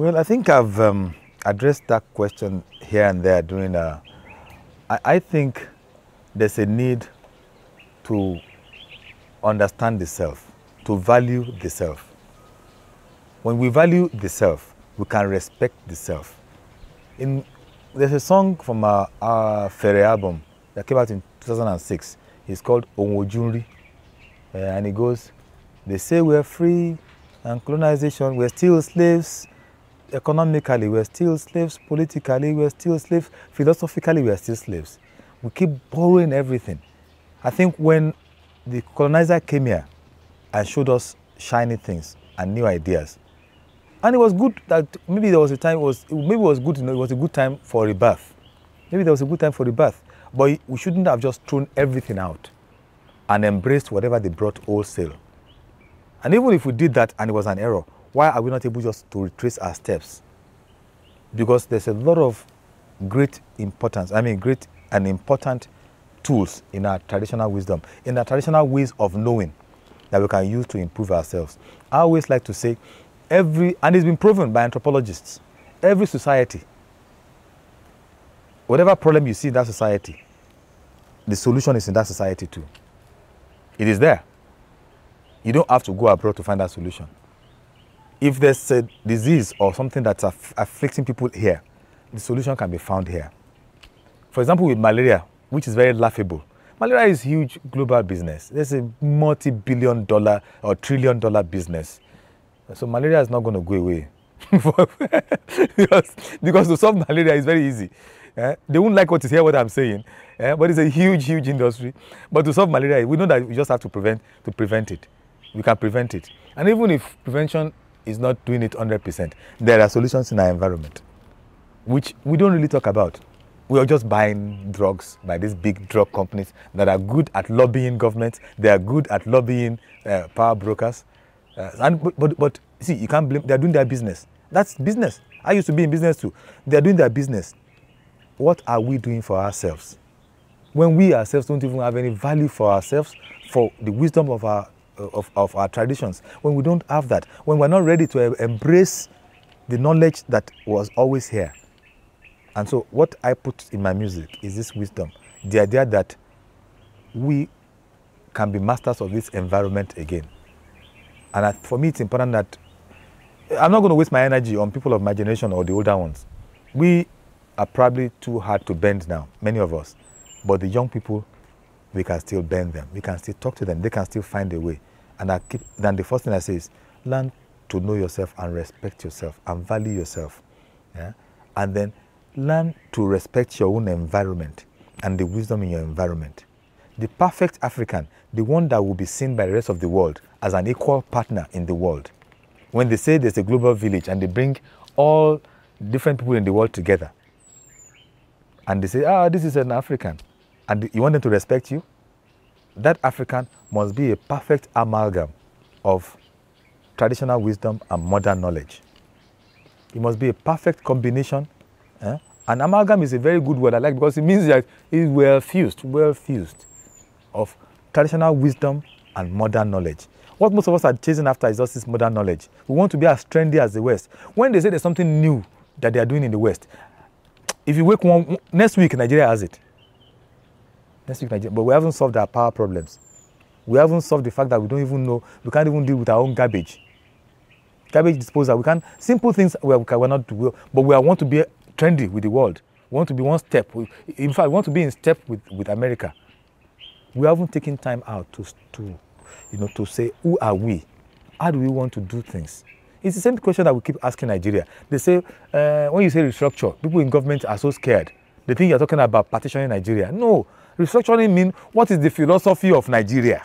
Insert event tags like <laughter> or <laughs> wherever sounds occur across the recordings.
Well, I think I've um, addressed that question here and there during. Uh, I, I think there's a need to understand the self, to value the self. When we value the self, we can respect the self. In, there's a song from our, our Ferre album that came out in 2006. It's called Onwojunri. Uh, eh, and it goes, They say we're free and colonization, we're still slaves economically, we're still slaves. Politically, we're still slaves. Philosophically, we're still slaves. We keep borrowing everything. I think when the colonizer came here and showed us shiny things and new ideas, and it was good that maybe there was a time it was maybe it was good you know it was a good time for rebirth. Maybe there was a good time for rebirth, but we shouldn't have just thrown everything out and embraced whatever they brought wholesale. And even if we did that and it was an error, why are we not able just to retrace our steps? Because there's a lot of great importance, I mean, great and important tools in our traditional wisdom, in our traditional ways of knowing that we can use to improve ourselves. I always like to say, every, and it's been proven by anthropologists, every society, whatever problem you see in that society, the solution is in that society too. It is there. You don't have to go abroad to find that solution if there's a disease or something that's aff afflicting people here, the solution can be found here. For example, with malaria, which is very laughable, malaria is huge global business. There's a multi-billion dollar or trillion dollar business. So malaria is not going to go away. <laughs> because, because to solve malaria is very easy. Eh? They won't like what is here, what I'm saying, eh? but it's a huge, huge industry. But to solve malaria, we know that we just have to prevent, to prevent it. We can prevent it. And even if prevention is not doing it 100%. There are solutions in our environment, which we don't really talk about. We are just buying drugs by these big drug companies that are good at lobbying governments. They are good at lobbying uh, power brokers. Uh, and, but, but, but see, you can't blame, they're doing their business. That's business. I used to be in business too. They're doing their business. What are we doing for ourselves? When we ourselves don't even have any value for ourselves, for the wisdom of our of, of our traditions, when we don't have that, when we're not ready to embrace the knowledge that was always here. And so, what I put in my music is this wisdom the idea that we can be masters of this environment again. And I, for me, it's important that I'm not going to waste my energy on people of my generation or the older ones. We are probably too hard to bend now, many of us. But the young people, we can still bend them. We can still talk to them. They can still find a way. And I keep, then the first thing I say is, learn to know yourself and respect yourself and value yourself. Yeah? And then learn to respect your own environment and the wisdom in your environment. The perfect African, the one that will be seen by the rest of the world as an equal partner in the world. When they say there's a global village and they bring all different people in the world together, and they say, ah, this is an African, and you want them to respect you? that African must be a perfect amalgam of traditional wisdom and modern knowledge. It must be a perfect combination. Eh? An amalgam is a very good word I like because it means that it's well fused, well fused of traditional wisdom and modern knowledge. What most of us are chasing after is just this modern knowledge. We want to be as trendy as the West. When they say there's something new that they are doing in the West, if you wake one next week, Nigeria has it. But we haven't solved our power problems. We haven't solved the fact that we don't even know, we can't even deal with our own garbage. Garbage disposal, we can simple things we are, we're not, we but we want to be trendy with the world. We want to be one step. in fact, we want to be in step with, with America. We haven't taken time out to, to, you know, to say, who are we? How do we want to do things? It's the same question that we keep asking Nigeria. They say, uh, when you say restructure, people in government are so scared. They think you're talking about partitioning Nigeria. No, restructuring mean what is the philosophy of Nigeria?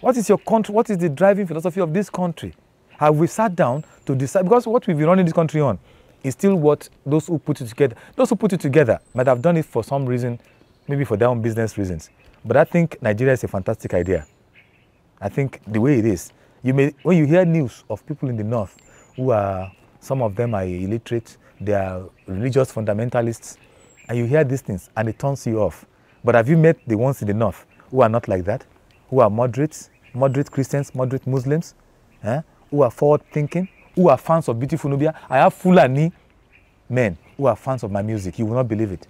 What is your country? What is the driving philosophy of this country? Have we sat down to decide? Because what we've been running this country on is still what those who put it together, those who put it together might have done it for some reason, maybe for their own business reasons. But I think Nigeria is a fantastic idea. I think the way it is, you may, when you hear news of people in the north who are, some of them are illiterate, they are religious fundamentalists, and you hear these things and it turns you off. But have you met the ones in the north who are not like that? Who are moderates, moderate Christians, moderate Muslims, eh? who are forward thinking, who are fans of beautiful Nubia? I have Fulani men who are fans of my music. You will not believe it.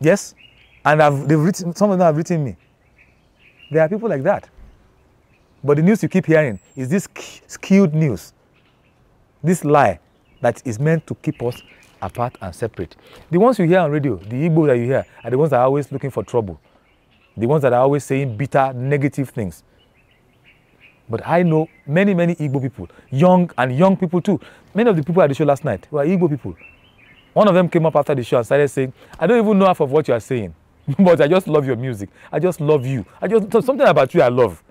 Yes? And I've, they've written, some of them have written me. There are people like that. But the news you keep hearing is this skewed news, this lie that is meant to keep us apart and separate. The ones you hear on radio, the Igbo that you hear, are the ones that are always looking for trouble. The ones that are always saying bitter, negative things. But I know many, many Igbo people, young and young people too. Many of the people at the show last night were Igbo people. One of them came up after the show and started saying, I don't even know half of what you are saying, <laughs> but I just love your music. I just love you. I just, something about you I love.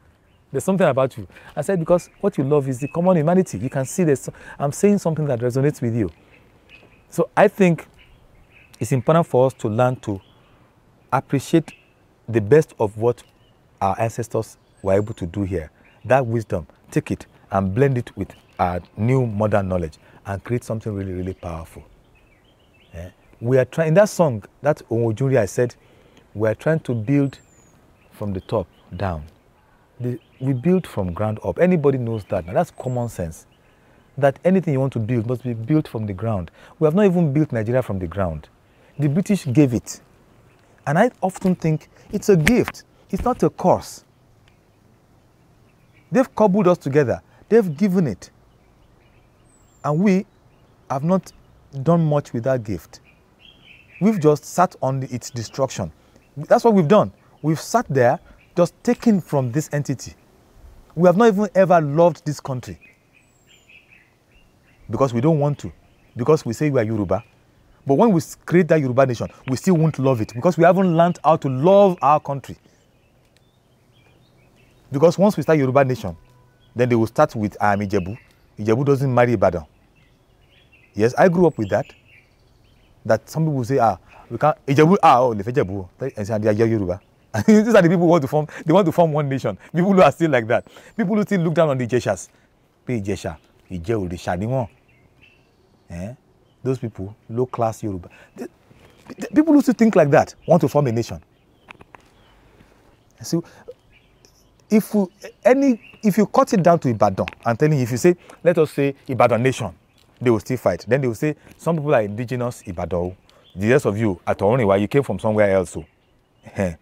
There's something about you. I said, because what you love is the common humanity. You can see this. I'm saying something that resonates with you. So I think it's important for us to learn to appreciate the best of what our ancestors were able to do here. That wisdom, take it and blend it with our new modern knowledge and create something really, really powerful. Yeah. We are trying, in that song, that Onwojunri I said, we are trying to build from the top down. The, we build from ground up. Anybody knows that. Now that's common sense that anything you want to build must be built from the ground. We have not even built Nigeria from the ground. The British gave it. And I often think it's a gift, it's not a curse. They've cobbled us together, they've given it. And we have not done much with that gift. We've just sat on its destruction. That's what we've done. We've sat there just taken from this entity. We have not even ever loved this country. because we don't want to because we say we are Yoruba but when we create that Yoruba nation we still won't love it because we haven't learned how to love our country because once we start Yoruba nation then they will start with I am Ijebu doesn't marry Ibadan yes I grew up with that that some people say ah we can't Ijebu ah oh lefejebu and say they are Yoruba <laughs> these are the people who want to form they want to form one nation people who are still like that people who still look down on the Ijeshas pé Ìjẹ̀ṣà Ìjẹ̀ the ni wọ́n Eh? Those people, low class Yoruba. They, they, people who still think like that want to form a nation. So, if you, any, if you cut it down to Ibadan, I'm telling you, if you say, let us say Ibadan nation, they will still fight. Then they will say, some people are indigenous Ibadan. The rest of you, at Orinwa, you came from somewhere else. Oh. So. <laughs>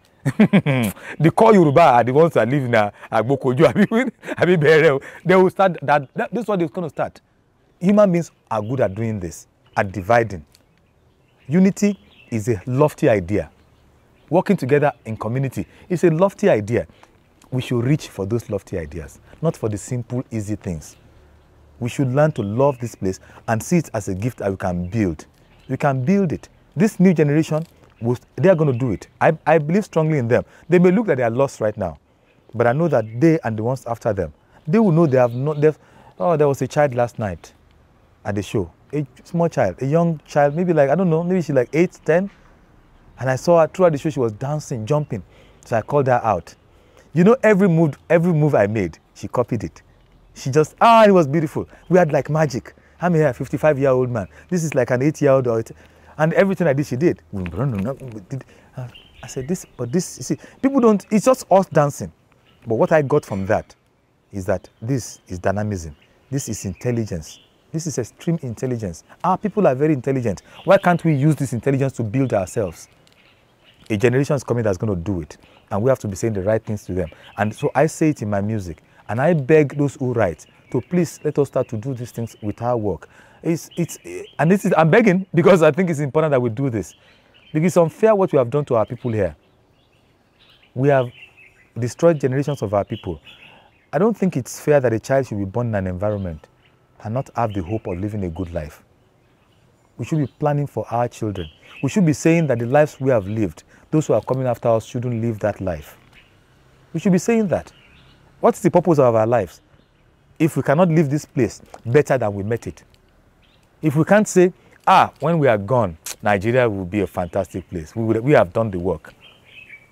the core Yoruba are the ones that live in Agbokoju. <laughs> I mean, I oh. they will start that, that. This is what they're going to start. human beings are good at doing this, at dividing. Unity is a lofty idea. Working together in community is a lofty idea. We should reach for those lofty ideas, not for the simple, easy things. We should learn to love this place and see it as a gift that we can build. We can build it. This new generation, they are going to do it. I, I believe strongly in them. They may look like they are lost right now, but I know that they and the ones after them, they will know they have not. Oh, there was a child last night at the show. A small child, a young child, maybe like, I don't know, maybe she's like eight, ten. And I saw her throughout the show, she was dancing, jumping. So I called her out. You know, every move, every move I made, she copied it. She just, ah, it was beautiful. We had like magic. I'm here, 55 year old man. This is like an eight year old. And everything I did, she did. I said, this, but this, you see, people don't, it's just us dancing. But what I got from that is that this is dynamism, this is intelligence, this is extreme intelligence. Our people are very intelligent. Why can't we use this intelligence to build ourselves? A generation is coming that's going to do it. And we have to be saying the right things to them. And so I say it in my music. And I beg those who write to please let us start to do these things with our work. It's, it's, and this is, I'm begging because I think it's important that we do this. Because it's unfair what we have done to our people here. We have destroyed generations of our people. I don't think it's fair that a child should be born in an environment and not have the hope of living a good life. We should be planning for our children. We should be saying that the lives we have lived, those who are coming after us shouldn't live that life. We should be saying that. What is the purpose of our lives? If we cannot leave this place better than we met it. If we can't say, ah, when we are gone, Nigeria will be a fantastic place. We, would, we have done the work.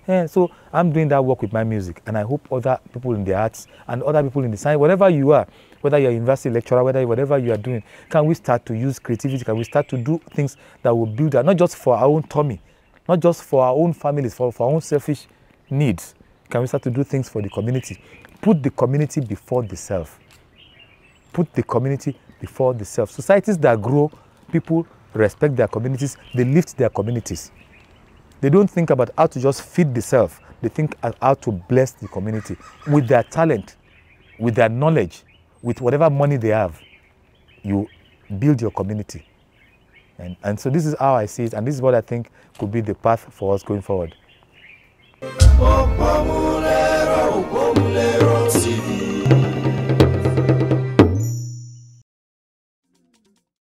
Yeah, so I'm doing that work with my music, and I hope other people in the arts and other people in the science, whatever you are, whether you're a university lecturer, whether whatever you are doing, can we start to use creativity? Can we start to do things that will build that, not just for our own tummy, not just for our own families, for, for our own selfish needs? Can we start to do things for the community? Put the community before the self. Put the community before the self. Societies that grow, people respect their communities, they lift their communities. They don't think about how to just feed themselves. They think how to bless the community with their talent, with their knowledge, with whatever money they have. You build your community. And, and so this is how I see it, and this is what I think could be the path for us going forward.